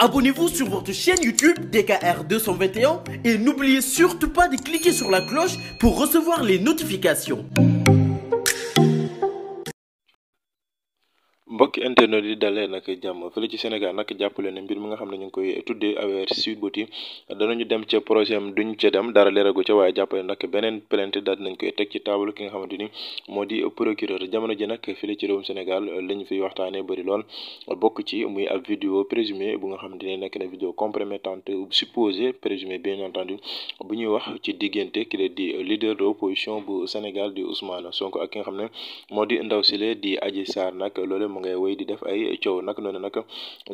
abonnez niveau sur votre chaîne YouTube DKR et n'oubliez surtout pas de cliquer sur la cloche pour recevoir les notifications. mbokki internet yi dalee nag jàmm fële ci Sénégal nag jàppale ne mbir mi nga xam ne ñu ngi koy tuddee AER Sweet Beauty danañu dem ca projet am duñ ca dem dara leeragu ca waaye jàppale nag beneen plainte daal dinañ koy teg ci table ki nga xamante ni moo di procureur jamono ji nag fële ci réewum Sénégal lañ fiy waxtaanee bari lool bokk ci muy ab vidéo présumé bu nga xamante ne nekk na vidéo compromettante supposé présumé bien entendu bu ñuy wax ci diggante ki la di leader de l'opposition bu Sénégal di Ousmane Sonko ak ki nga xam ne moo di ndaw si le di Adji Sarr nag loole wéy di def ay coow nag noonu nag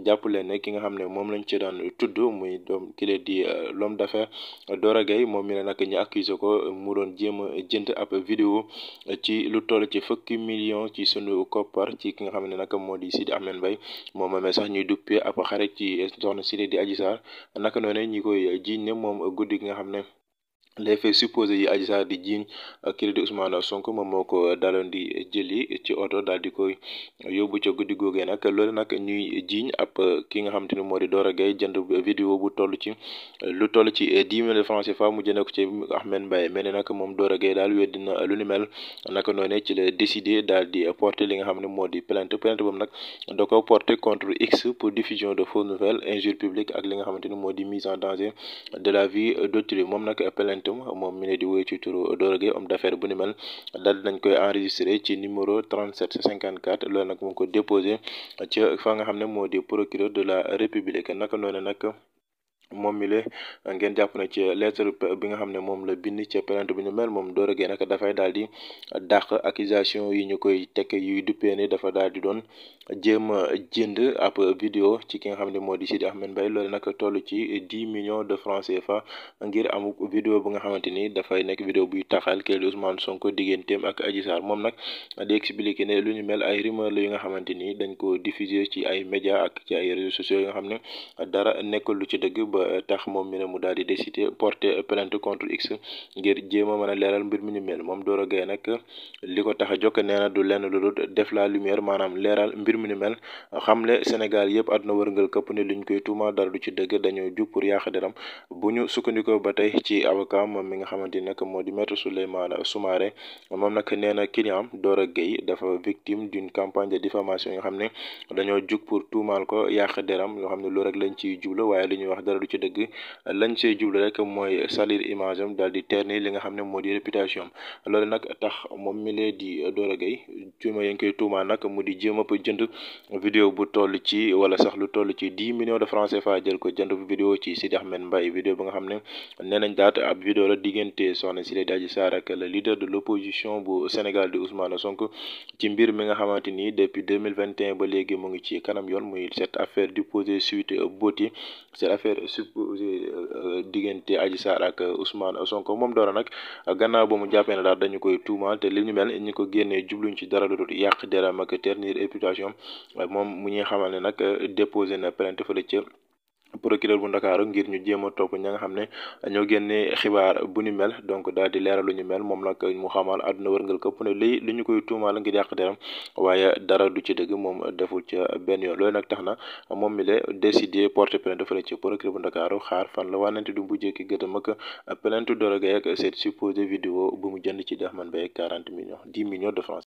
jàpp leen ne ki nga xam ne moom lañ ci daan tudd muy doom kile di euh, l'homme d'affaires Dora Gueye moom mi ne nag ñu accusé ko mu doon jéem a jënd ab vidéo ci lu toll ci fukki million ci sunu koppar ci ki nga xam ne nag moo di Sidi Ahmed Mbaye moom amee sax ñuy duppee ab xarit ci soxna Sidi di Adji Sarr naka noonu ñi koy jiiñ ne moom guddi ki nga xam ne les faits supposés yi Adji Sarr di jiiñ euh, kii di Ousmane Sonko moom moo ko daloon di jëli ci oto daal di koy yóbbu ca guddi googee nag loolu nag ñuy jiiñ ab euh, ki nga xamante ni moo di Dora Gaye jënd vidéo bu toll ci lu toll ci euh, dix mille francs CFA mu jënd ko ci Ahmed Mbaye mel ni nag moom Dora Gaye daal weddi na lu ni mel naka noonee ci la décidé daal di porter li nga xam ne moo di plainte plainte boobu nag da ko porter contre X pour diffusion de fausses nouvelles injure publique ak li nga xamante ni moo di mise en danger de la vie d'autrui moom nag plainte Tum moom mi ne di woy ci turu Doro Gueye homme d'affaires bu ni mel daal dinañ koy enregistré ci numéro 37 54 loolu nag mu ngi ko déposé ca fa nga xam ne moo di procureur de la république naka noonu nag moom mi le ngeen jàpp na ci lettre bi nga xam ne moom la bind ci plainte bi ñu mel moom door Gaye nag dafay daal di dàq accusation yi ñu koy tekk yuy duppee ni dafa daal di doon jéem a jënd ab vidéo ci ki nga xam ne moo di Sidi Ahmed Mbaye loolu nag toll ci dix millions de francs CFA ngir amu vidéo bu nga xamante ni dafay nekk vidéo buy taxal kii di Ousmane Sonko digganteem ak Adji Sarr moom nag di expliqué ne lu ñu mel ay rumeur la nga xamante ni dañ ko diffuser ci ay média ak ci ay réseaux sociaux yi nga xam ne dara nekkul lu ci dëgg ba tax moom ñu ne mu daal di décidé porter plainte contre X ngir jéem a mën a leeral mbir mi ni mel moom Doro Gaye nag li ko tax a jokk nee du lenn lu dul def la lumière maanaam leeral mbir mi ni mel xamle Sénégal yëpp àdduna wërngal këpp ne liñ koy tuuma dara du ci dëgg dañoo jug pour yàq deram bu ñu sukkandikoo ba tey ci avocat moom mi nga xamante ni nag moo di maître Souleymane Soumaré moom nag nee na client Doro Gaye dafa victime d'une campagne ne dañoo jug pour tuumaal ko yàq deram yoo xam ne lu rek lañ ciy jublu waaye du ci dëgg lañ see jublu rek mooy salir image am daal di ternir li nga xam ne moo di réputation am loolu nag tax moom mi lee di Doro Gaye tuuma ya ngi koy tuumaa nag mu di jéem a jënd vidéo bu toll ci wala sax lu toll ci dix millions de francs CFA jël ko jënd vidéo ci si Sidi Ahmed mbay vidéo ba nga xam ne nee nañ daat ab vidéo la diggante soxna si lay Adji Sarr ak le leader de l'opposition bu Sénégal di Ousmane Sonko ci mbir mi nga xamante ni depuis deux mille vingt et ba léegi mu ngi ci kanam yoon muy cette affaire du posé suite botti cette affaire supposé euh, euh, diggante Adji Sarr ak euh, Ousmane Sonko moom Doro nag gannaaw ba mu jàppee ne daal dañu koy tuumaal te li ñu mel ñi ko génnee jubluñ ci dara lu dul yàq deram ak éputation réputation moom mu ñuy xamal ne nag déposé na plainte fële ca procureur bu ndakaaru ngir ñu jéem a topp ña nga xam ne ñoo génne xibaar bu ni mel donc daal di leeral lu ñu mel moom nag mu xamal àdduna wërngal këpp ne lii li ñu koy tuumaal ngir yàq deram waaye dara du ci dëgg moom deful ca benn yoon loolu nag tax na moom mi la décidé porter plainte fële ci procureur bu ndakaaru xaar fan la wànnante du bu jëkki gëtam ak plainte Doro Gaye ak cette supposée vidéo bu mu jënd ci Dahman Mbaye 40 millions 10 millions de francs